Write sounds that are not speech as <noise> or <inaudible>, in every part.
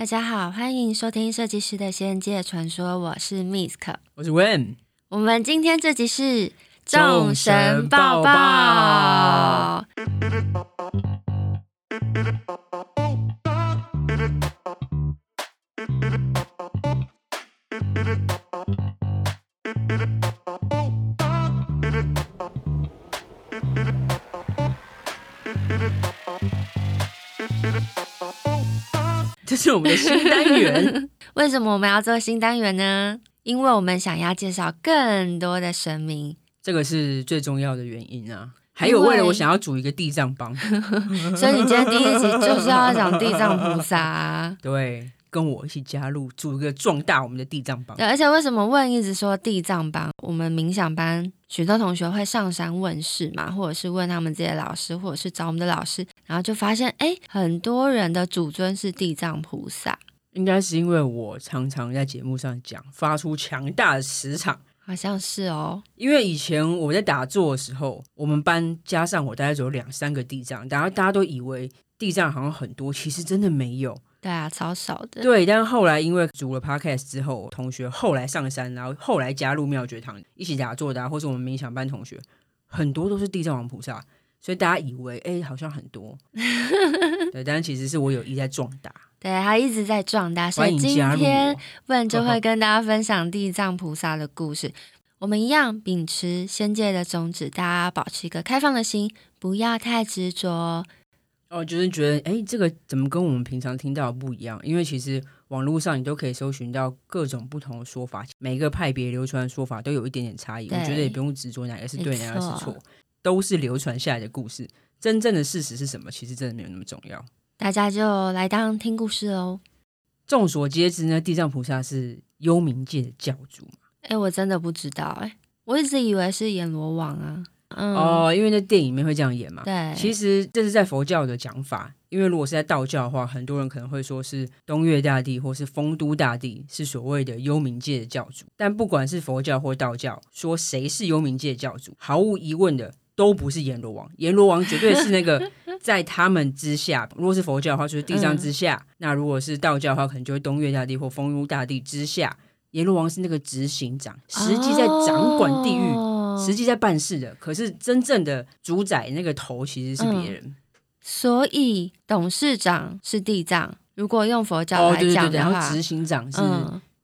大家好，歡迎收聽《設計師的仙界傳說》，我，我是 Misk，我是 Wen，我們今天這集是眾神報報。是我們的新單元。 <laughs> 為什麼我們要做新單元呢？因為我們想要介紹更多的神明，這個是最重要的原因啊。因為，還有，為了我想要組一個地藏幫， <laughs> 所以你今天第一集就是要講地藏菩薩啊。 <laughs> 對，跟我一起加入，組一個壯大我們的地藏幫。對，而且為什麼問一直說地藏幫？我們冥想班許多同學會上山問事嘛，或者是問他們自己的老師，或者是找我們的老師。然後就發現，哎，很多人的主尊是地藏菩薩。應該是因為我常常在節目上講，發出強大的磁場，好像是哦。因為以前我在打坐的時候，我們班加上我，大概只有兩三個地藏，然後大家都以為地藏好像很多，其實真的沒有。對啊，超少的。對，但是後來因為組了 Podcast 之後，我同學後來上山，然後後來加入妙覺堂一起打坐的啊，或是我們冥想班同學，很多都是地藏王菩薩。所以大家以為哎、欸，好像很多， <laughs> 對，但其實是我有意在壯大。對，他一直在壯大，所以今天問就會跟大家分享地藏菩薩的故事。呵呵。我們一樣秉持仙界的宗旨，大家保持一個開放的心，不要太執着。我就是覺得哎、欸，這個怎麼跟我們平常聽到的不一樣？因為其實網絡上你都可以搜尋到各種不同的說法，每個派別流傳的說法都有一點點差異。我覺得也不用執着哪個是對，哪個是錯。都是流傳下來的故事，真正的事實是什麼？其實真的沒有那麼重要，大家就來當聽故事哦。眾所皆知呢，地藏菩薩是幽冥界的教主嘛？哎、欸，我真的不知道哎、欸，我一直以為是閻羅王啊、嗯。哦，因為那電影裡面會這樣演嘛。對，其實這是在佛教的講法，因為如果是在道教的話，很多人可能會說是東嶽大帝或是酆都大帝是所謂的幽冥界的教主。但不管是佛教或道教，說誰是幽冥界的教主，毫無疑問的。都不是閻羅王，閻羅王絕對是那個在他們之下。 <laughs> 如果是佛教的話，就是地藏之下、嗯，那如果是道教的話，可能就會東嶽大帝或豐都大帝之下。閻羅王是那個執行長，實際在掌管地獄、哦，實際在辦事的。可是真正的主宰那個頭其實是別人、嗯，所以董事長是地藏。如果用佛教來講的話，哦、對對對，然後執行長是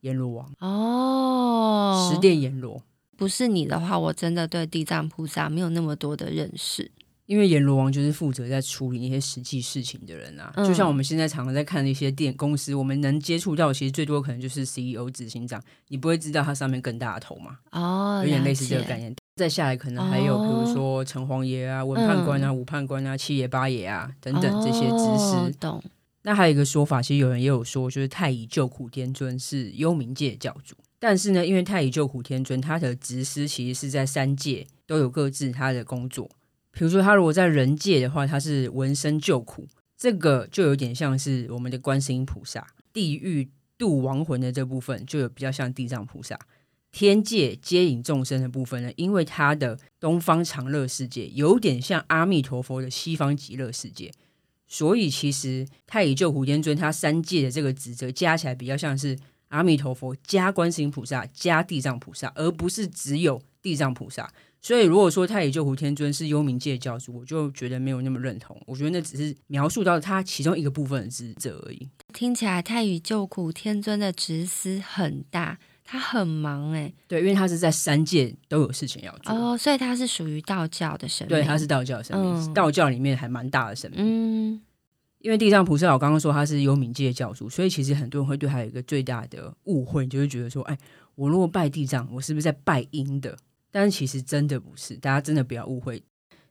閻羅王哦、嗯，十殿閻羅。不是你的話，我真的對地藏菩薩沒有那麼多的認識。因為閻羅王就是負責在處理那些實際事情的人啊，嗯、就像我們現在常常在看一些電影公司，我們能接觸到其實最多可能就是 CEO、執行長，你不會知道他上面更大的頭嘛？哦，有點類似這個概念。再下來可能還有，哦、比如說城隍爺啊、文判官啊、嗯、武判官啊、七爺八爺啊等等這些知識、哦。懂。那還有一個說法，其實有人也有說，就是太乙救苦天尊是幽冥界教主。但是呢，因為太乙救苦天尊，他的職司其實是在三界都有各自他的工作。比如說，他如果在人界的話，他是聞聲救苦，這個就有點像是我們的觀世音菩薩；地獄度亡魂的這部分，就有比較像地藏菩薩；天界接引眾生的部分呢，因為他的東方長樂世界有點像阿彌陀佛的西方極樂世界，所以其實太乙救苦天尊他三界的這個職責加起來，比較像是。阿彌陀佛，加觀世音菩薩，加地藏菩薩，而不是只有地藏菩薩。所以，如果說太乙救苦天尊是幽冥界教主，我就覺得沒有那麼認同。我覺得那只是描述到他其中一個部分的職責而已。聽起來太乙救苦天尊的職司很大，他很忙哎。對，因為他是在三界都有事情要做哦，所以他是屬於道教的神。對，他是道教的神明、嗯、道教裡面還蠻大的神。嗯。因為地藏菩薩老我剛剛說他是幽冥界的教主，所以其實很多人會對他有一個最大的誤會，就會覺得說：哎、欸，我如果拜地藏，我是不是在拜陰的？但是其實真的不是，大家真的不要誤會，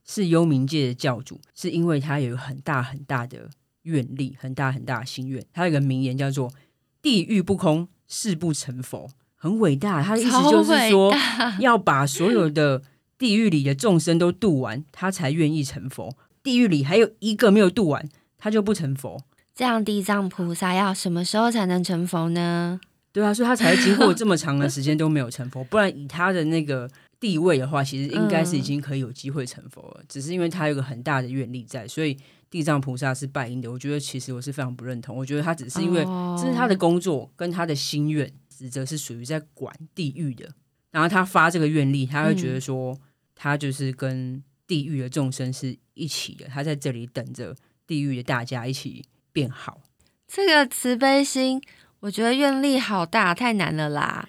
是幽冥界的教主，是因為他有很大很大的願力，很大很大的心願。他有一個名言叫做“地獄不空，誓不成佛”，很偉大。他的意思就是說，要把所有的地獄裡的眾生都渡完，他才願意成佛。地獄裡還有一個沒有渡完，他就不成佛，這樣地藏菩薩要什麼時候才能成佛呢？對啊，所以他才經過這麼長的時間都沒有成佛。 <laughs> 不然以他的那個地位的話，其實應該是已經可以有機會成佛了。嗯、只是因為他有個很大的願力在，所以地藏菩薩是拜陰的。我覺得其實我是非常不認同。我覺得他只是因為這、哦、是他的工作跟他的心願職責是屬於在管地獄的，然後他發這個願力，他會覺得說他就是跟地獄的眾生是一起的，嗯、他在這裡等着。地獄的大家一起變好，這個慈悲心，我覺得願力好大，太難了啦！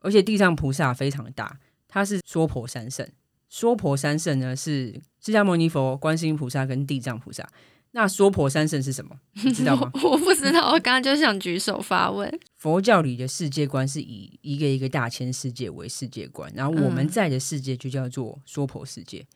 而且地藏菩薩非常大，他是娑婆三聖。娑婆三聖呢是釋迦牟尼佛、觀世音菩薩跟地藏菩薩。那娑婆三聖是什麼？你知道嗎？我，我不知道，我剛剛就想舉手發問。 <laughs> 佛教裡的世界觀是以一個一個大千世界為世界觀，然後我們在的世界就叫做娑婆世界。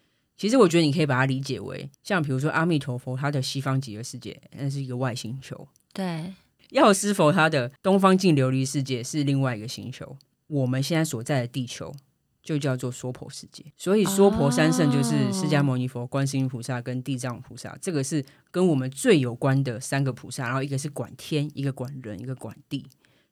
其實我覺得你可以把它理解為，像比如說阿彌陀佛他的西方極樂世界，那是一個外星球；對，藥師佛他的東方淨琉璃世界是另外一個星球。我們現在所在的地球就叫做娑婆世界，所以娑婆三聖就是釋迦牟尼佛、觀世音菩薩跟地藏菩薩，這個是跟我們最有關的三個菩薩。然後一個是管天，一個管人，一個管地。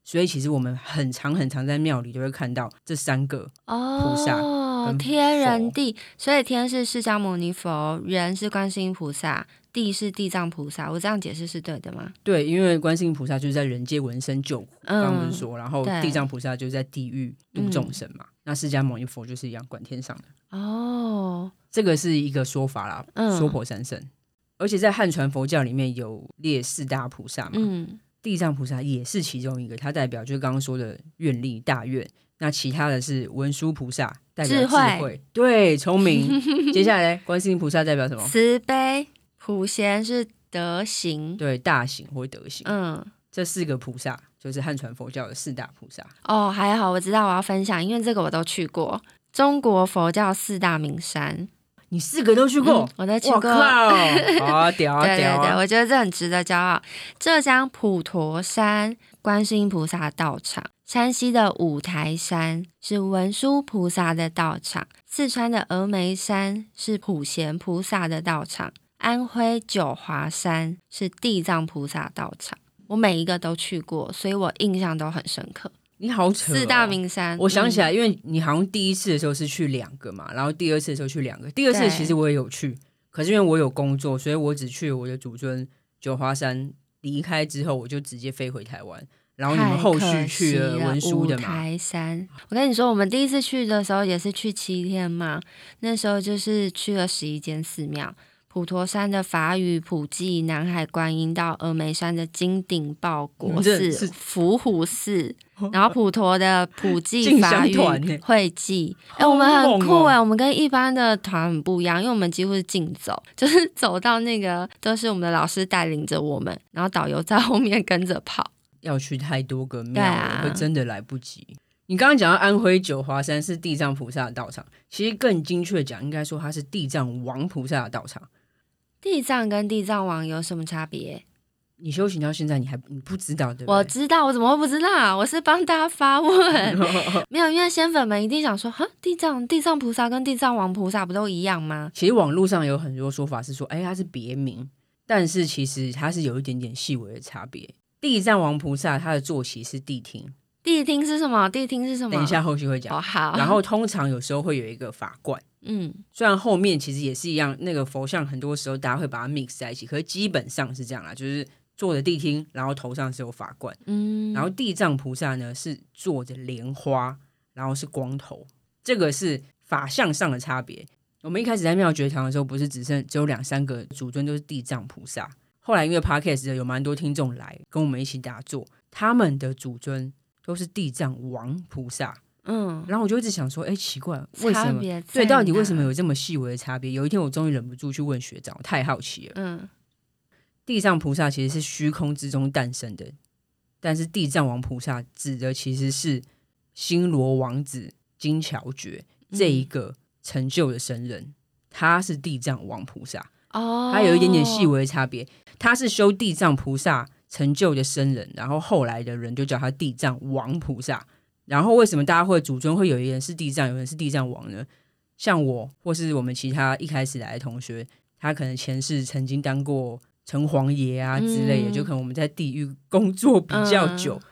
所以其實我們很常很常在廟裡就會看到這三個菩薩。Oh. 哦、天人地，所以天是釋迦牟尼佛，人是觀世音菩薩，地是地藏菩薩。我這樣解釋是對的嗎？對，因為觀世音菩薩就是在人間聞聲救苦，嗯、剛剛不是說，然後地藏菩薩就是在地獄度眾生嘛。嗯、那釋迦牟尼佛就是一樣管天上的。哦，這個是一個說法啦，娑婆三聖、嗯。而且在漢傳佛教裡面有列四大菩薩嘛，嗯，地藏菩薩也是其中一個，它代表就是剛剛說的願力大願。那其他的是文殊菩薩。智慧，智慧對聰明， <laughs> 接下來觀世音菩薩代表什麼？慈悲普賢是德行，對，大行或德行。嗯，這四個菩薩就是漢傳佛教的四大菩薩。哦，還好我知道我要分享，因為這個我都去過中國佛教四大名山。你四個都去過？嗯、我在去過。好屌、 <laughs> 哦啊，對對對，對、啊，我覺得這很值得驕傲。浙江普陀山觀世音菩薩道場。山西的五台山是文殊菩薩的道場，四川的峨眉山是普賢菩薩的道場，安徽九華山是地藏菩薩道場。我每一個都去過，所以我印象都很深刻。你好扯、啊，四大名山。我想起來、嗯，因為你好像第一次的時候是去兩個嘛，然後第二次的時候去兩個。第二次其實我也有去，可是因為我有工作，所以我只去我的祖尊九華山。離開之後，我就直接飛回台灣。然後你們後續去了文殊的了五台山，我跟你說，我們第一次去的時候也是去七天嘛。那時候就是去了十一間寺廟：普陀山的法雨普濟、南海觀音，到峨眉山的金頂、報國寺、伏虎寺，然後普陀的普濟法雨、法雨、會濟。哎，我們很酷哎、哦，我們跟一般的團很不一樣，因為我們幾乎是競走，就是走到那個都、就是我們的老師帶領着我們，然後導遊在後面跟着跑。要去太多個廟，啊，會真的來不及。你剛剛講到安徽九華山是地藏菩薩的道場，其實更精確講，應該說它是地藏王菩薩的道場。地藏跟地藏王有什麼差別？你修行到現在，你還你不知道對不對？我知道，我怎麼會不知道？我是幫大家發問， <laughs> no. 沒有，因為仙粉們一定想說：哈，地藏、地藏菩薩跟地藏王菩薩不都一樣嗎？其實網絡上有很多說法是說，哎，它是別名，但是其實它是有一點點細微的差別。地藏王菩薩他的坐騎是諦聽，諦聽是什麼？諦聽是什麼？等一下後續會講。Oh, 好，然後通常有時候會有一個法冠。嗯，雖然後面其實也是一樣，那個佛像很多時候大家會把它 mix 在一起，可是基本上是這樣啦，就是坐着諦聽，然後頭上是有法冠。嗯，然後地藏菩薩呢是坐着蓮花，然後是光頭，這個是法相上的差別。我們一開始在廟覺堂的時候，不是只剩，只有兩三個主尊都是地藏菩薩。後來因為 podcast 有蠻多聽眾來跟我們一起打坐，他們的祖尊都是地藏王菩薩，嗯，然後我就一直想說，哎，奇怪，為什麼？對，到底為什麼有這麼細微的差別？有一天我終於忍不住去問學長，我太好奇了。嗯，地藏菩薩其實是虛空之中誕生的，但是地藏王菩薩指的其實是新羅王子金喬覺、嗯、這一個成就的神人，他是地藏王菩薩。哦，他有一點點細微的差別。他是修地藏菩薩成就的僧人，然後後來的人就叫他地藏王菩薩。然後為什麼大家會祖宗會有一人是地藏，有人是地藏王呢？像我或是我們其他一開始來的同學，他可能前世曾經當過城隍爺啊之類的，的、嗯。就可能我們在地獄工作比較久、嗯，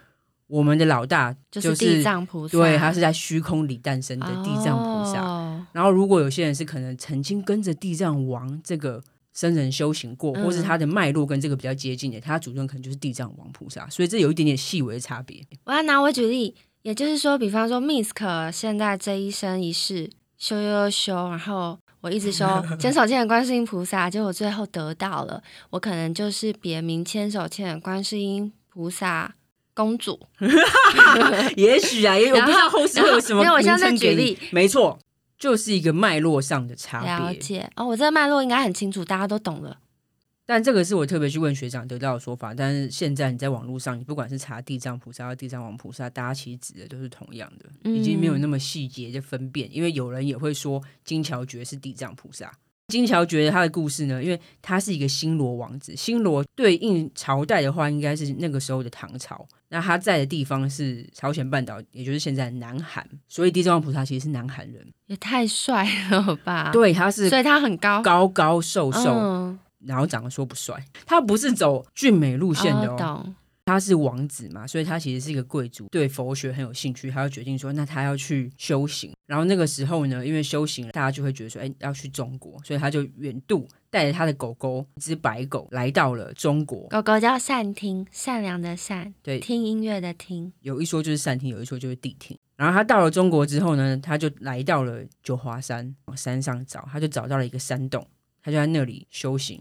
我們的老大就是、就是、地藏菩薩，對，他是在虛空裡誕生的地藏菩薩。哦然後，如果有些人是可能曾經跟着地藏王這個僧人修行過，嗯、或是他的脈絡跟這個比較接近的，他主尊可能就是地藏王菩薩，所以這有一點點細微的差別。我要拿我舉例，也就是說，比方說 Misk 現在這一生一世修又，又修，然後我一直修千 <laughs> 手千眼觀世音菩薩，結果最後得到了，我可能就是別名千手千眼觀世音菩薩公主。 <laughs> <laughs> 也許啊，也有然說不知道後世會有什麼名稱，因為我現在舉例，給你沒錯。就是一個脈絡上的差別。了解。哦，我這個脈絡應該很清楚，大家都懂了。但這個是我特別去問學長得到的說法。但是現在你在網絡上，你不管是查地藏菩薩和地藏王菩薩，大家其實指的都是同樣的，已經沒有那麼細節的分辨。嗯。因為有人也會說金喬覺是地藏菩薩。金喬覺得他的故事呢，因為他是一個新羅王子，新羅對應朝代的話，應該是那個時候的唐朝。那他在的地方是朝鮮半島，也就是現在的南韓。所以地藏王菩薩其實是南韓人，也太帥了吧？對，他是高高瘦瘦，所以他很高，高高瘦瘦，然後長得說不帥，他不是走俊美路線的哦。Oh, 他是王子嘛，所以他其實是一個貴族，對佛學很有興趣。他就決定說，那他要去修行。然後那個時候呢，因為修行了，大家就會覺得說，哎，要去中國，所以他就遠渡，帶着他的狗狗，一隻白狗，來到了中國。狗狗叫善聽，善良的善，對，聽音樂的聽。有一說就是善聽，有一說就是諦聽。然後他到了中國之後呢，他就來到了九華山，往山上找，他就找到了一個山洞，他就在那裡修行，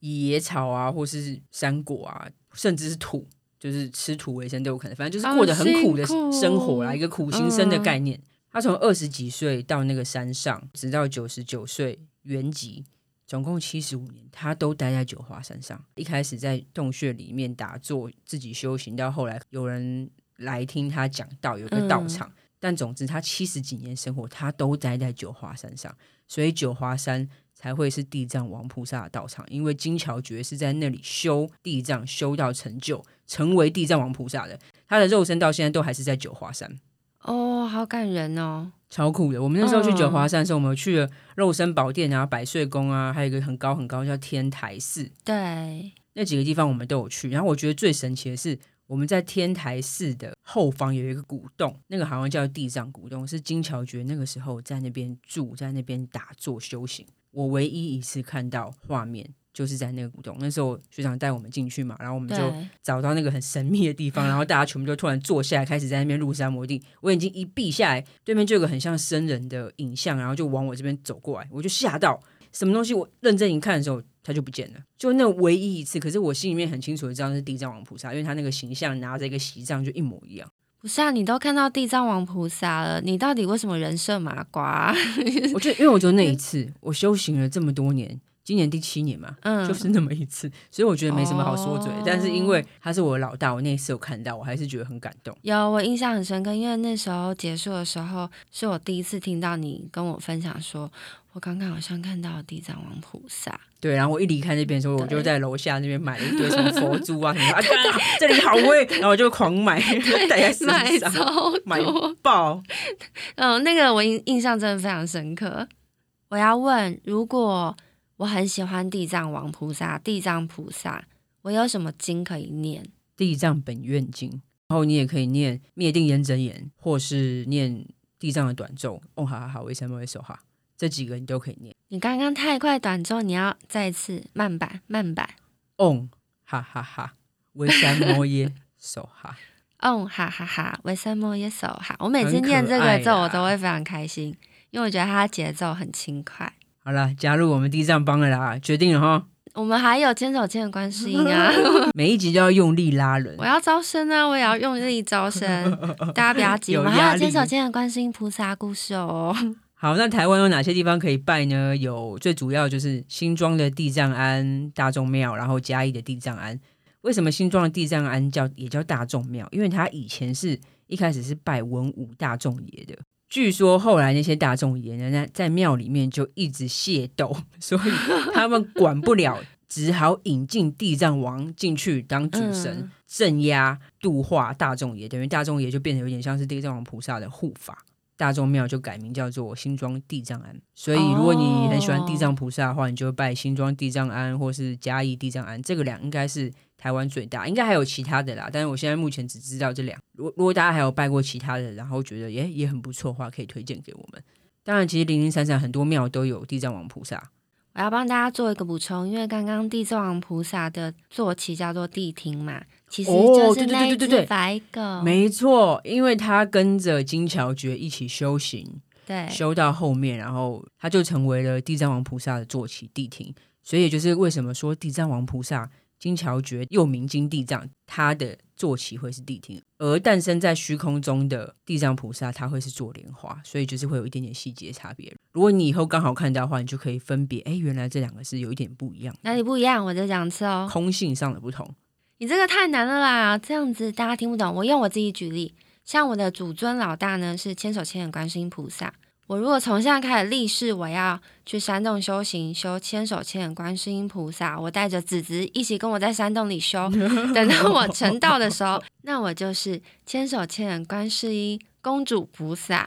以野草啊，或是山果啊，甚至是土。就是吃土為生都有可能，反正就是過得很苦的生活啦，Oh, so cool. 一個苦行僧的概念。嗯、他從二十幾歲到那個山上，直到九十九歲圓寂，總共七十五年，他都待在九華山上。一開始在洞穴裡面打坐，自己修行，到後來有人來聽他講道，有個道場。嗯、但總之，他七十幾年生活，他都待在九華山上，所以九華山。才會是地藏王菩薩的道場，因為金喬覺是在那裡修地藏、修到成就，成為地藏王菩薩的。他的肉身到現在都還是在九華山哦，oh, 好感人哦，超酷的。我們那時候去九華山的時候，我們去了肉身寶殿啊、oh. 百歲宮啊，還有一個很高很高叫天台寺。對，那幾個地方我們都有去。然後我覺得最神奇的是，我們在天台寺的後方有一個古洞，那個好像叫地藏古洞，是金喬覺那個時候在那邊住，在那邊打坐修行。我唯一一次看到畫面，就是在那個古洞，那時候學長帶我們進去嘛，然後我們就找到那個很神秘的地方，然後大家全部就突然坐下來， <laughs> 開始在那邊入三摩地。我眼睛一閉下來，對面就有個很像僧人的影像，然後就往我這邊走過來，我就嚇到。什麼東西？我認真一看的時候，他就不見了。就那唯一一次，可是我心裡面很清楚的知道那是地藏王菩薩，因為他那個形象拿着一個錫杖就一模一樣。不是啊，你都看到地藏王菩薩了，你到底為什麼人設麻瓜？ <laughs> 我覺得，因為我就那一次，我修行了這麼多年，今年第七年嘛，嗯，就是那麼一次，所以我覺得沒什麼好說嘴。哦，但是因為他是我的老大，我那一次有看到，我還是覺得很感動。有，我印象很深刻，因為那時候結束的時候，是我第一次聽到你跟我分享說。我剛剛好像看到地藏王菩薩。對，然後我一離開那邊時候，我就在樓下那邊買了一堆什麼佛珠啊 <laughs> 什麼啊，啊。這裡好貴， <laughs> 然後我就狂買， <laughs> 對，買超多，買爆。嗯，那個我印印象真的非常深刻。我要問，如果我很喜歡地藏王菩薩、地藏菩薩，我有什麼經可以念？地藏本願經，然後你也可以念滅定業真言，或是念地藏的短咒。哦，好好好，我先什麼會說哈？這幾個你都可以念。你剛剛太快短奏，你要再次慢板慢板。嗯，哈哈哈，為什麼耶手哈 o 哈哈哈，為什麼耶手哈？我每次念這個咒，我都會非常開心，因為我覺得它的節奏很輕快。好了，加入我們地藏幫了啦，決定了哈。我們還有千手千眼的觀世音啊， <laughs> 每一集都要用力拉人。我要招生啊，我也要用力招生， <laughs> 大家不要急，我們還有千手千眼的觀世音菩薩故事哦。好，那台灣有哪些地方可以拜呢？有，最主要就是新莊的地藏庵、大眾廟，然後嘉義的地藏庵。為什麼新莊的地藏庵叫也叫大眾廟？因為他以前是一開始是拜文武大眾爺的，據說後來那些大眾爺呢，在廟裡面就一直械鬥，所以他們管不了， <laughs> 只好引進地藏王進去當主神，嗯、鎮壓、度化大眾爺，等於大眾爺就變得有點像是地藏王菩薩的護法。大眾廟就改名叫做新莊地藏庵，所以如果你很喜歡地藏菩薩的話，你就拜新莊地藏庵或是嘉義地藏庵，這個兩應該是台灣最大，應該還有其他的啦。但是我現在目前只知道這兩，如如果大家還有拜過其他的，然後覺得也也很不錯的話，可以推薦給我們。當然，其實零零散散很多廟都有地藏王菩薩。我要幫大家做一個補充，因為剛剛地藏王菩薩的坐騎叫做諦聽嘛，其實就是那一只白狗、哦對對對對對。沒錯，因為他跟着金喬覺一起修行，對，修到後面，然後他就成為了地藏王菩薩的坐騎諦聽，所以也就是為什麼說地藏王菩薩金喬覺又名金地藏，他的。坐騎會是諦聽，而誕生在虛空中的地藏菩薩，它會是坐蓮花，所以就是會有一點點細節差別。如果你以後剛好看到的話，你就可以分別，哎，原來這兩個是有一點不一樣。哪裡不一樣？我再講一次哦，空性上的不同。你這個太難了啦，這樣子大家聽不懂。我用我自己舉例，像我的祖尊老大呢，是千手千眼觀世音菩薩。我如果從現在開始立誓，我要去山洞修行，修千手千眼觀世音菩薩。我帶着姊姊一起跟我在山洞裡修，等到我成道的時候，那我就是千手千眼觀世音公主菩薩。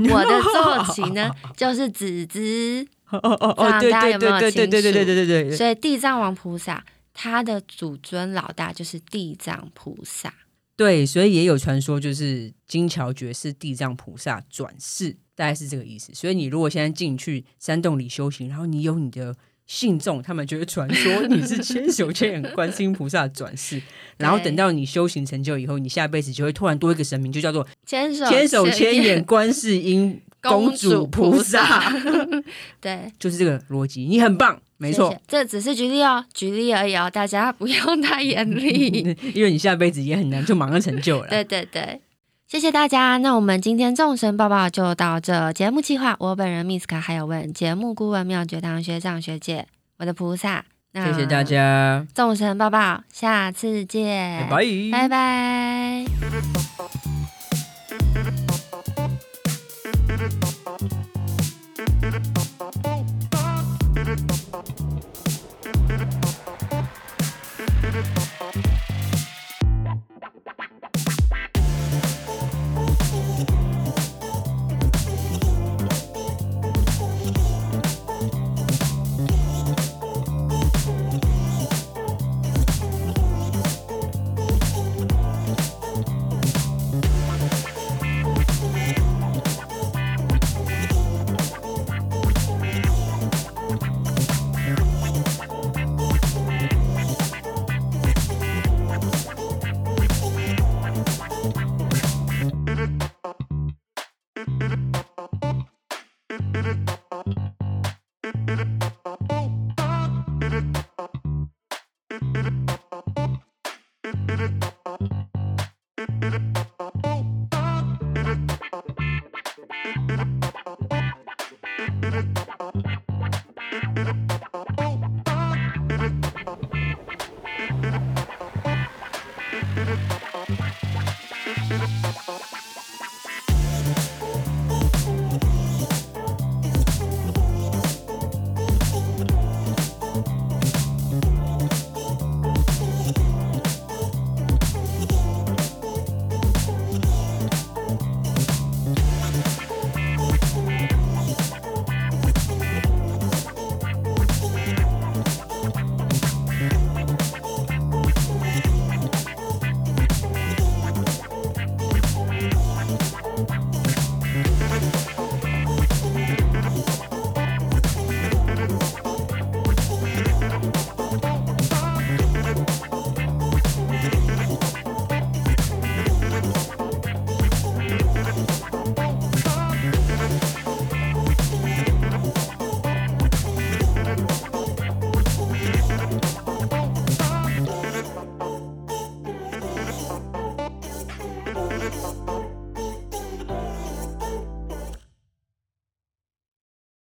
我的坐騎呢，就是姊姊。 <laughs> 大家有沒有清楚？所以，地藏王菩薩他的祖尊老大就是地藏菩薩。對，所以也有傳說，就是金喬覺是地藏菩薩轉世，大概是這個意思。所以你如果現在進去山洞裡修行，然後你有你的信眾，他們就會傳說你是千手千眼觀音菩薩轉世， <laughs> 然後等到你修行成就以後，你下輩子就會突然多一個神明，就叫做千手千手千眼觀世音。公主菩薩，菩薩 <laughs> 對，就是這個邏輯，你很棒，沒錯。這只是舉例哦、喔，舉例而已哦、喔，大家不用太嚴厲， <laughs> 因為你下輩子也很難就忙成就了。 <laughs> 對對對，謝謝大家。那我們今天眾神報報就到這，節目計劃我本人 Miss 卡還有問節目顧問妙覺堂學長學姐，我的菩薩，謝謝大家，眾神報報，下次見，拜拜拜拜。Bye bye